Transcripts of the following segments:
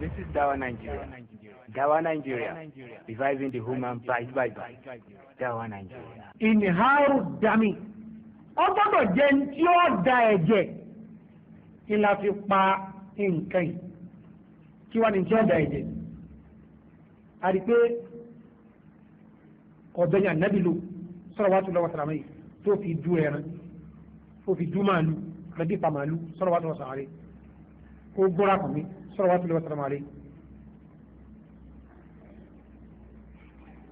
This is Dawa Nigeria. Dawa Nigeria. Reviving the human by by by. Dawa Nigeria. In how Ó gbọ́dọ̀ jẹ́ ní tí ó da ẹ̀jẹ̀. Ìlà fi pa nǹkan yìí. Kí wá ní tí ó da ẹ̀jẹ̀? A rí pé ọ̀bẹ yàn nábì lò sọ̀rọ̀ wá tó lọ́wọ́ sàrámẹ́ yìí tó fi du ẹran tó fi du màálù lọ́dí pa màálù sọ̀rọ̀ wá tó lọ́wọ́ sàrámẹ́ yìí. Ó gbọ́ra kàn mí salawatu lọ́wọ́ sàlámù alẹ́.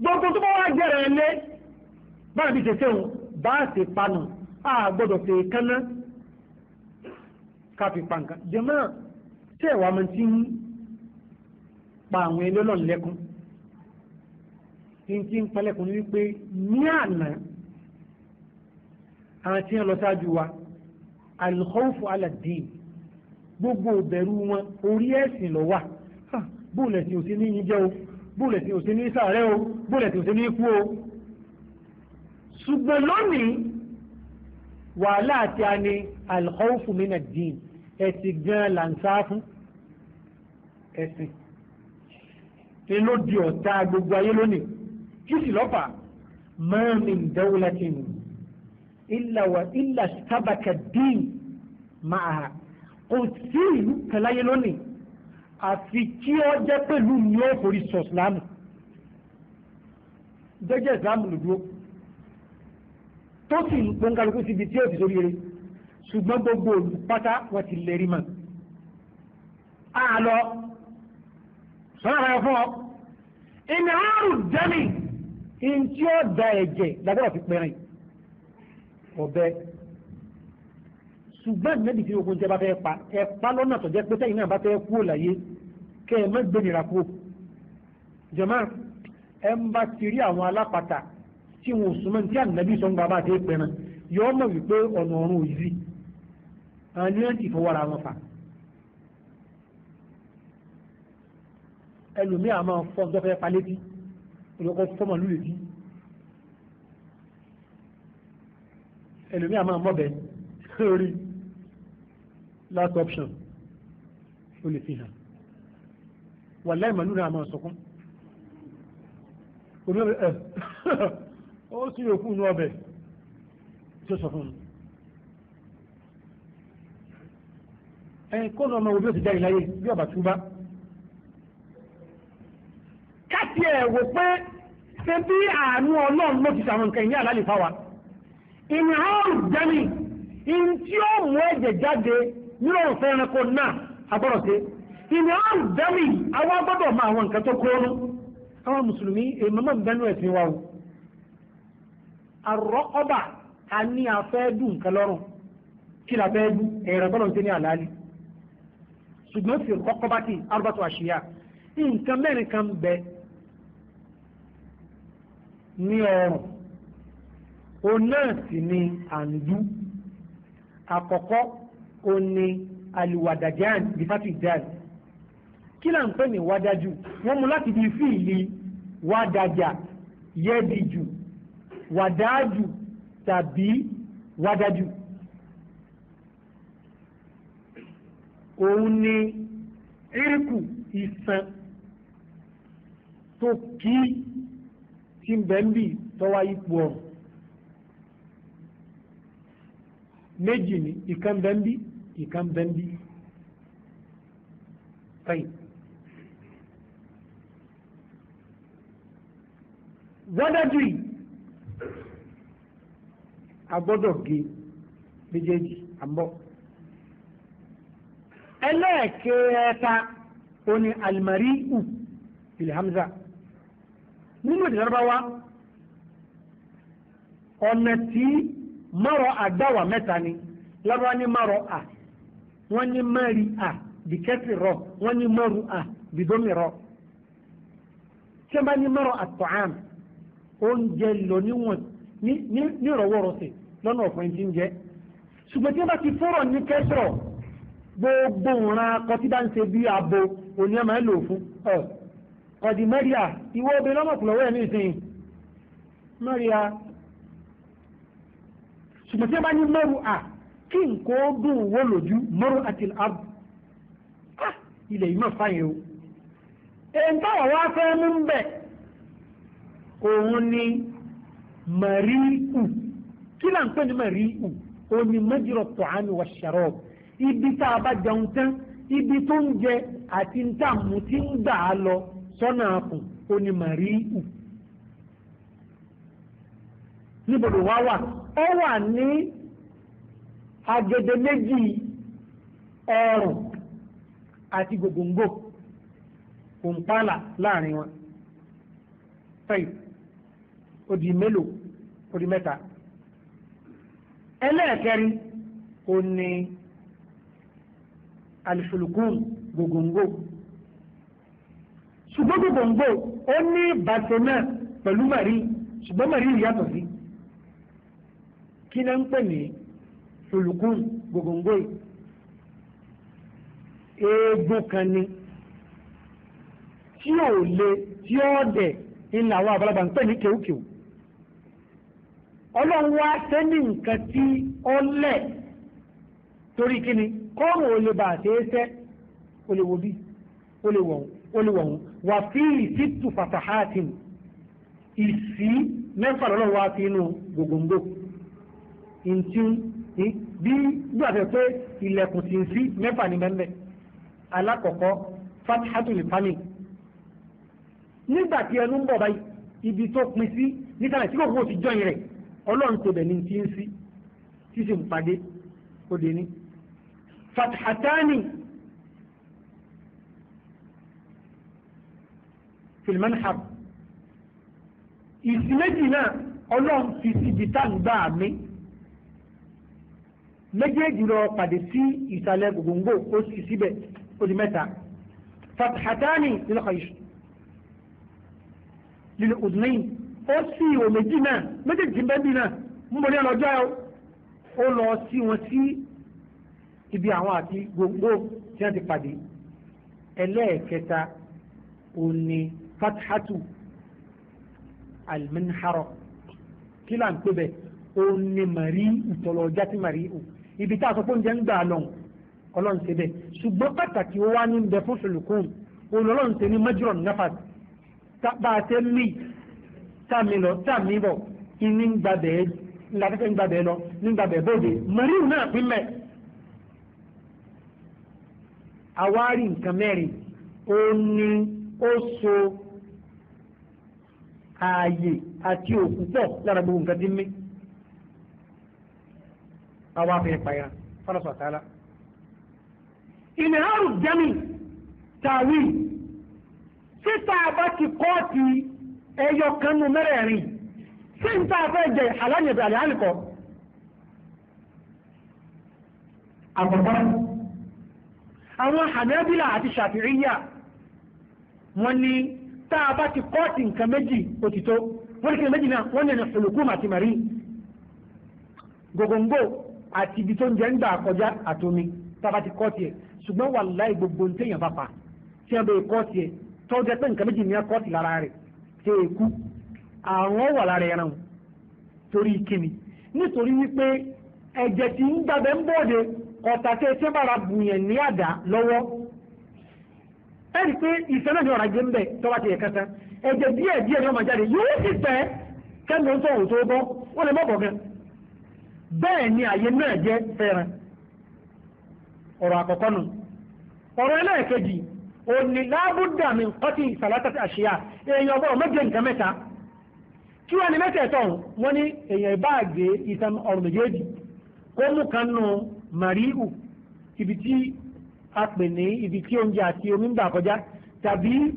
gbogbo tó bá wá jẹ́rẹ̀ ẹlé bára bí tẹ̀sẹ̀ òun bá ṣe panu a gbọ́dọ̀ ṣe kánná káfí pàǹkà jẹ́mọ́ tẹ́ ẹ̀wà máa ti ń pa àwọn ẹlẹ́ lọ́n lẹ́kún tí ń palẹ̀kùn ní wípé ní àná àwọn tí ń lọ sáájú wa alkhawfu ala gbogbo ìbẹ̀rù wọn orí ẹ̀sìn lọ wà bóòlù ẹ̀sìn ò sí ní yín jẹ́ o bóòlù ẹ̀sìn ò sí ní sàárẹ̀ o bóòlù ẹ̀sìn ò sí ní ikú o. ṣùgbọ́n lónìí wàhálà àti ani alkhawfu min ad ẹ̀sìn gan là ń sá fún ẹ̀sìn ni ló di ọ̀tá gbogbo ayé lónìí kí sì lọ́fà ma min dawlatin illa wa illa istabaka ad-din ma'aha kò sí ìlú kan láyé lónìí àfi kí ọ jẹ́ pẹ̀lú ni ó forí sọ ìsìlámù jẹ́jẹ́ ìsìlámù lòdúró tó sì ń gbọ́ngàlùkù síbi tí ó ti sórí eré ṣùgbọ́n gbogbo olùpátá wọ́n ti lẹ́rí mọ́ àlọ́ sọ́nà rẹ̀ fún ọ ìní àrùn jẹ́mi ìntí ọ̀dà ẹ̀jẹ̀ lágbọ́dọ̀ fi pẹ́rin ọ̀bẹ ṣùgbọ́n nẹ́bí fi ogun jẹba fẹ́ pa ẹ pa lọ́nà tó jẹ́ pé sẹ́yìn náà bá fẹ́ kú òláyé kẹ́ ẹ má gbẹ̀nìrà kú. jọ̀mọ́ ẹ ń bá ti rí àwọn alápàtà tí wọn ò súnmọ́ tí ànábì sọ ń gba bá a ti pẹ́ náà yọ ọ́ mọ̀ wípé ọ̀nà ọ̀run òyìí àwọn ní láti fọwọ́ra wọn fà. ẹlòmíì àmọ́ fọ́ńtọ́ fẹ́ palétí olùkọ́ fọ́mọ lùlẹ̀dí ẹlòmíì àmọ́ mọ́bẹ̀ẹ́ lórí. last option ó lè fi hàn wàláì màlúù náà máa sọkún omi ẹ ó sì yòókù ní ọbẹ̀ tí ó sọ fún un ẹ̀yìn kó ní ọmọ wo bí ó ti jáde láyé bí ọba tún bá káti ẹ̀ wò pé ṣe bí àánú ọlọ́run ló ti sàwọn nǹkan ìní àlálì fáwa ìnáwó jẹ́mi ìntí ó mú ẹ̀jẹ̀ jáde nínú òfin ẹranko náà agbọ́dọ̀ ṣe ìní àrùdámì àwọn agbọ́dọ̀ máa àwọn nǹkan tó kóónú àwọn mùsùlùmí èèmọ́mọ́ ìbẹ́nu ẹ̀sìn wa o àrọ́kọ́bà a ní afẹ́dù nǹkan lọ́rùn kí la fẹ́ dú ẹ̀rọ gbọ́dọ̀ ṣe ní àlàálì ṣùgbọ́n fi kọ́kọ́bá ti arúgbàtò àṣìyà nǹkan mẹ́rin kan bẹ ní ọrùn òun náà sì ni àǹdú àkọ́kọ́ ó ní aliwadajan bifati dan kí là ń pè ní wadaju wọ́n mú láti bí fíìlì wadajà yẹ́dìjù wadaju. tàbí wádàjù òun ni erékù ìsàn tó kí tí ń bẹ́ńbì tọ́wá ipò ọ̀rùn méjì ni ìkan bẹ́ńbì ìkan bẹ́ńbí fẹ́yìn. wọ́dájú yìí a gbọ́dọ̀ gé méjèèjì àmọ́ ẹlẹ́ẹ̀kẹta oní alimariu ilhamza nínú èdè larabawa ọ̀nà tí márọ̀ àdáwà mẹ́ta ni larabawa ní márọ̀ à wọ́n ní mari a bìkẹ́tì rọ wọ́n ní maru a bìdómi rọ tí wọ́n bá ní mọ́rọ̀ àtọ̀hán oúnjẹ lọ níwọ̀n nírọ̀wọ́rọ̀sẹ̀ lọ́nà ọ̀pọ̀ tí ń jẹ́ ṣùgbọ́n tí wọ́n bá ti fọ́rọ̀ ní kẹ́sọ̀rọ̀ gbogbo ìran akọ tí abo òní ẹ̀ máa ń lò fún ọ kọ̀dì mẹ́ríà ìwọ obìnrin lọ́mọ̀kùnlọ́wọ́ ẹ̀ ní ìsìn mẹ́ríà ṣùgbọ́n tí wọ́n bá ní mọ́rù à kí nǹkan ó dùn wó lójú mọ́rọ́ àti ab ah, ilẹ̀ yìí mọ̀ fáyẹn o èyí táwọn wá fẹ́ mú bẹ̀ òun ni màríù kí là ń pè ní òun ni wà ṣàrọ̀ ibi tá a bá ibi tó ń jẹ àti ń tààmù ń gbà á lọ sọ́nà àpùn òun ni ọ wà ní. agbedeméjì ọrùn àti gògóńgò òǹpalà láàrin wọn fẹ́yì odi mélòó odi mẹ́ta ẹlẹ́ẹ̀kẹrin ò ní alifulukun gògóńgò ṣùgbọ́n gògóńgò ó ní bàtẹ́ náà pẹ̀lú màrí ṣùgbọ́n màrí yàtọ̀ sí kí náà ń pè ní solukun gògóńgò eégún kan ni tí yóò le tí yóò dẹ̀ ńlá àwọn àbálàbà ń pè ní kéwkéw ọlọ́run wá sẹ́ni nǹkan tí ó lẹ̀ torí kíni kọ́ọ̀mù ò lè bà àtẹ́sẹ́ ó lè bí ó lè wọ̀hún ó lè wọ̀hún wà fí mẹ́fà bí gbàgbé pé ilẹ̀kùn ti ń sí mẹ́fà ní mẹ́mbẹ́ alákọ̀ọ́kọ́ fatihatul fani nígbà tí ẹnu ń bọ̀ báyìí ibi tó pin sí nítorí tí kòkòrò ti jọyìn rẹ̀ ọlọ́run tó bẹ̀ ní ti ń sí tí sì ń padé ó ní. fatihatani filmanhab ìsìn méjì náà ọlọ́run fi síbi tá à ń gbà mí méjèèjì lọ pàdé sí ìsàlẹ̀ gbogbo ó sì síbẹ̀ ó di mẹ́ta fathatani nínú kan yìí lílo òdùnẹ́yìn ó sì ìwò méjì náà méjèèjì bẹ́ẹ̀ bí náà ń bọ̀ ní ọlọ́jọ́ ó lọ sí wọn sí ibi àwọn àti gbogbo tí wọ́n ti pàdé ẹlẹ́ẹ̀kẹta òní fathatu alminhara kí là ń pè bẹ́ẹ̀ òní màrí ìtọ́lọ́jà tí màrí òkú ibi tá a sọ pé oúnjẹ ń gbà lọ ọlọ́run ṣe bẹ́ẹ̀ ṣùgbọ́n pàtàkì ó wá ní ń bẹ fún sùlùkùn olọ́run ṣe ní mẹ́jọ̀rọ̀ nafas bá a ṣe ń mí tàmí lọ tàmí bọ̀ ìní ń gba bẹ́ẹ̀ ńláfẹ́fẹ́ ń gba bẹ́ẹ̀ lọ ní ń gba bẹ́ẹ̀ bóde mẹ́rin náà pín mẹ́ àwárí nǹkan mẹ́rin ó ní ó so ààyè àti òkú pọ̀ lára gbogbo nǹkan tí ń mí àwọn afẹ́ ìpayà fọlọ́sọ àtàlà. ìnìhàrù jẹ́mi tàwí síta bá ti kọ́ọ̀tì ẹyọ kanú mẹ́rẹ̀ẹ̀rin sí ń tà fẹ́ jẹ àlàyébẹ̀ àlẹ́hàlìkọ́. àkọ́kọ́ àwọn hànẹ́bílà àti ṣàfihìyà wọ́n ní tá a bá ti kọ́ọ̀tì nǹkan méjì òtítọ́ wọ́n ní kí ni méjì náà wọ́n ní ẹ̀nà olùkú màtìmárì gògóńgò àti ibi tó ń jẹ́ ń gbà kọjá àtomi tába ti kọ́ tiẹ̀ ṣùgbọ́n wàláì gbogbo ní téèyàn bá pa tí wọ́n bẹ kọ́ tiẹ̀ tọ́jú pé nǹkan méjì ní ẹ̀kọ́ ti lára rẹ̀ ṣe é kú àwọn wà lára ẹran torí kíni nítorí wípé ẹ̀jẹ̀ tí ń gbàgbẹ́ ń bọ̀dé ọ̀tà tí etí bára bùyàn ní àdá lọ́wọ́ ẹ̀rí pé ìfẹ́ náà ni ọ̀rọ̀ ajé ń bẹ̀ tọ́wá ti yẹ kẹta ẹ̀jẹ̀ díẹ̀ díẹ̀ ni ọmọ bẹ́ẹ̀ ni àyè náà jẹ́ fẹ́ràn ọ̀rọ̀ àkọ́kọ́ nù ọ̀rọ̀ ẹlẹ́ẹ̀kejì òní lábúdà mi kọ́tì sàlátàtì àṣìyà èèyàn ọgbọ́n méje nǹkan mẹ́ta kí wọ́n ní mẹ́tẹ̀ẹ̀tọ̀ wọ́n ní èèyàn ìtàn ọ̀rọ̀ méjèèjì kó mú kan nù ibi tí a pè ní ibi tí oúnjẹ àti omi ń gbà kọjá tàbí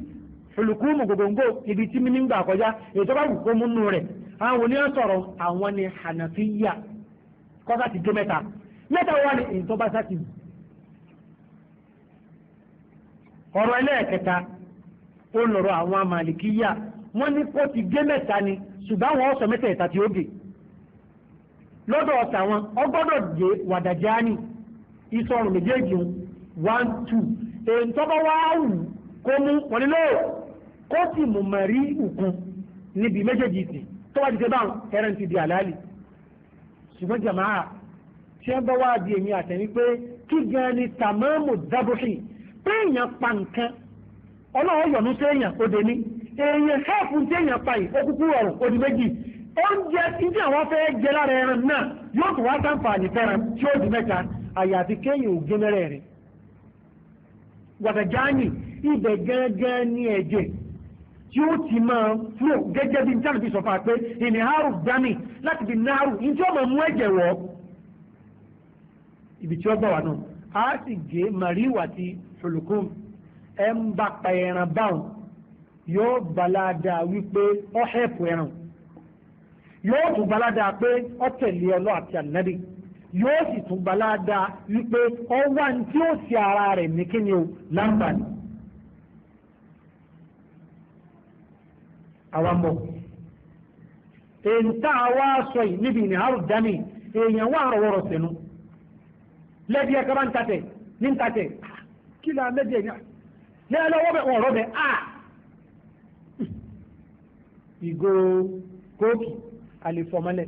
kọ́sá ti dé mẹ́ta mẹ́ta wà ní èyí tó bá sáà ti wù. ọ̀rọ̀ ẹlẹ́ẹ̀kẹta ó lọ̀rọ̀ àwọn amàlìkíyà wọ́n ní kó ti gé mẹ́ta ni ṣùgbọ́n àwọn ọ̀sọ̀ mẹ́tẹ̀ẹ̀ta tí ó gè lọ́dọ̀ ọ̀sà wọn ọgbọ́dọ̀ gé wàdàjáni ìsọrùn méjèèjì one two èyí tó bá wá wù kó mú wọn nílò kó sì mú mẹ́rí òkun níbi méjèèjì tì tó wá ti ṣe báwọn ẹran ti di àlàálì. ṣùgbọ́n jamaa a wọ́n bá wá di èmi a pé kí gan ni tàmámù dábòhì pé èèyàn pa nǹkan ọlọ́run yọ̀nù sí èèyàn ó dé ní èèyàn hẹ́ẹ̀fù tí èèyàn pa yìí ó kúkú ó di méjì oúnjẹ tí àwọn fẹ́ jẹ lára ẹran náà yóò tún wá sáǹfààní fẹ́ràn tí ó di mẹ́ta àyàfi kéèyàn ò gé mẹ́rẹ̀ rẹ̀ wàtàjáàní ibẹ̀ gángan ẹ̀jẹ̀ tí ó láti bí náírù ní tí ó mọ̀ mú ẹ̀jẹ̀ wọ̀ ibi tí ó gbà wà náà a sì gé màríwò àti olùkún ẹ̀ ń bá pa ẹran báwọn yóò balada wípé ọ hẹ́pù ẹran yóò tún balada pé ó tẹ̀lé ọlọ́ àti ànábì yóò sì tún balada wípé ó ní tí ó ara rẹ̀ ní kíni o èntà wá sọ yìí níbi ìnìhàrù dání èèyàn wà rọwọ́rọ̀ sẹ́nu lẹ́bi ẹ̀ka bá ń tatẹ̀ ní ń tatẹ̀ ah, kí la lẹ́bi ẹ̀yà lẹ́yìn lọ́wọ́ bẹ̀ wọ̀n rọ́bẹ̀ a ah! ìgò kóòkì àlefọ́mọ́lẹ̀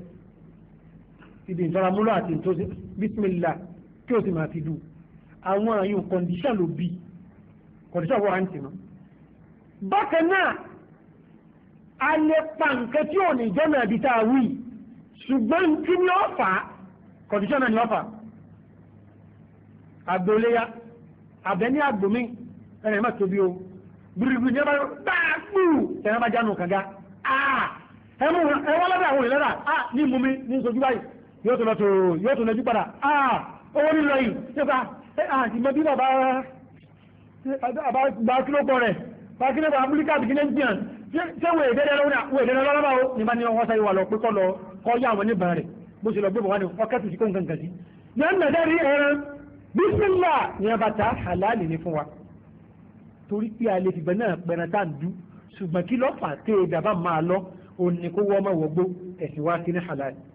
ibi ìtọ́ramúlò àti ìtòsí bísímìlá kí o sì máa fi dùn àwọn àyùn kọ̀ǹdíṣà ló bí kọ̀ǹdíṣà wọ́n rántí mọ́ bákan náà a lè pa nǹkan tí ò ní jẹ́nà àbí tá a wí ṣùgbọ́n tí ní ọ̀fà kọ̀díṣọ́ náà ní ọ̀fà àgbòléyà àbẹ́ní àgbòmí ẹ̀rẹ̀ má tóbi o gbìrìgbìrì ní ẹ bá yọ gbàgbù tẹ̀yẹ́ bá jánu kàga ẹwọ́n lọ́dà àwọn ìlẹ́dà ní mumi ní sojú báyìí yóò tún lọ tó yóò tún lọ jú padà owó nílọ yìí nípa àti mọ bí bàbá bá kílókọ rẹ̀ bá kílókọ abúlíkà bìkínẹ́ ṣé wo èdè lọ́wọ́ bá o ní bá ní wọ́n sáré wà lọ pé kọ́ lọ kọ́ yá àwọn oníbàá rẹ̀ bó ṣe lọ gbé bọ̀wá ni wọ́n kẹ́tù sí kóńkà nǹkan sí. ní ọ̀nà dárí ẹran bísímìlà ni a bá ta halali ni fún wa torí pé a lè fìgbẹ́ náà pẹ̀rẹ̀ tá à ń dú ṣùgbọ́n kí lọ́fà tẹ́ ẹ dàbá máa lọ òun ni kó wọ́ ọmọ wọ̀gbó ẹ̀sìn wá sí ní halali.